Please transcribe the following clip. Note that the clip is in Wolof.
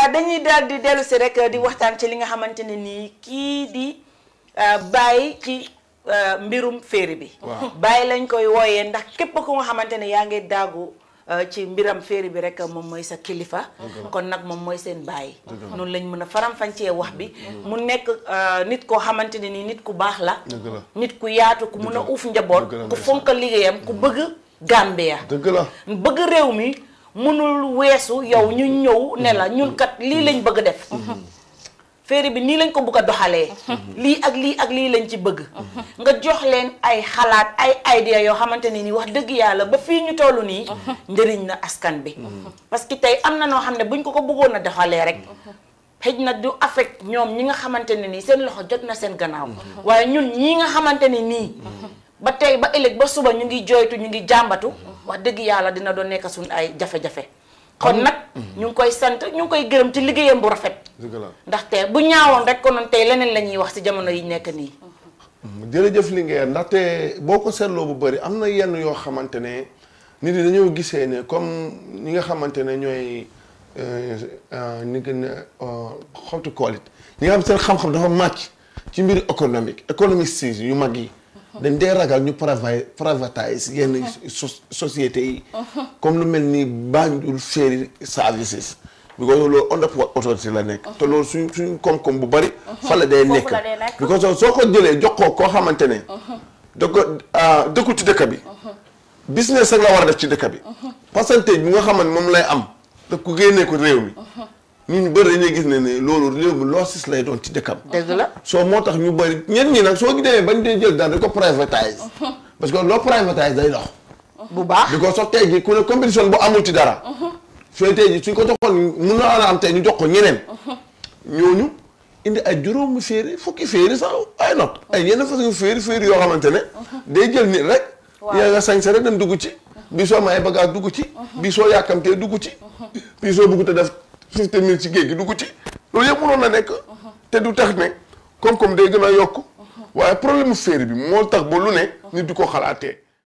Euh, dañuy daal di dellu si rek di waxtaan ci li nga xamante ne nii kii di euh, bàyyi ci euh, mbirum féeri bi. bàyyi lañ koy wooyee ndax képp ku nga xamante ne yaa ngi daagu. ci mbiram féeri bi rek moom mooy sa kilifa. kon nag moom mooy seen bàyyi. noonu lañ mën a faramfañ cee wax bi. mu nekk nit koo xamante ne nii nit ku baax la. nit ku yaatu ku mun a uuf njaboot. ku fonk liggéeyam ku mm. bëgg Gambia. dëgg la bëgg réew mi. mënul weesu yow ñu ñëw ne la ñun kat lii lañ bëgg def mm-hmm. Mm-hmm. féeri bi nii lañ ko bëgg a doxalee mm-hmm. lii ak lii ak lii lañ ci bëgg nga jox leen ay xalaat ay idea yoo xamante ne ni wax dëgg yàlla ba fii ñu toll nii njëriñ na askan bi parce que tey am na noo xam ne buñ ko ko bëggoon a doxalee rek xëj na du affect ñoom ñi nga xamante ne nii seen loxo jot na seen gannaaw waaye ñun ñii nga xamante ne nii ba tey ba ëllëg ba suba ñu ngi jooytu ñu ngi jàmbatu wax dëgg yàlla dina doon nekk suñ ay jafe-jafe kon nag ñu ngi koy sant ñu ngi koy gërëm ci liggéeyam bu rafet ndaxte bu ñaawoon rek konoon tey leneen la ñuy wax si jamono yi nekk nii jërëjëf li ngeen ndaxte boo ko seetloo bu bëri am na yenn yoo xamante ne nit ñi dañoo gisee ne comme ñi nga xamante ne ñooy euh, euh, ni gën a euh, xawtu koolit ñi nga xam seen xam-xam dafa màcc ci mbir économique économiste yu mag yi dañ dee ragal ñu privatise yenn sociétés yi comme lu mel ni Banjul Ferry Services because loolu under authority la nekk te loolu suñ suñ koom-koom bu bari fa la day nekk because soo ko jëlee jox ko koo xamante ne da ko ah, dëkku ci dëkk bi business rek la war a def ci dëkk bi pourcentage bi nga xaman moom lay am daf ko génnee ko réew mi ñu bëri dañuy gis ne ne loolu réew mi loosis lay doon ci dëkkam. dëgg la soo moo tax ñu bëri ñeen ñi nag soo demee bañ dee jël daal dañ ko privatise. parce que loo privatise day dox. bu baax di ko sox tey jii ku ne compétition bu amul ci dara. soo uh-huh. tey suñ ko joxoon mun naa la am tey ñu jox ko ñeneen. Uh-huh. ñooñu indi ay juróomi féeri fukki féeri sax ay not ay yenn façon féeri féeri yoo xamante ne. Uh-huh. day jël nit rek. waaw yaa nga sañ sa rek dem dugg ci. bi soo may bagage dugg ci. bi soo yàkkamtee dugg ci. bi soo bëgg te sixte mille ci géej gi dugg ci loolu yëpp mënoon na nekk te du tax ne koom-koom day gën a yokk uh-huh. waaye problème mu féeri bi moo tax ba lu ne nit di ko xalaatee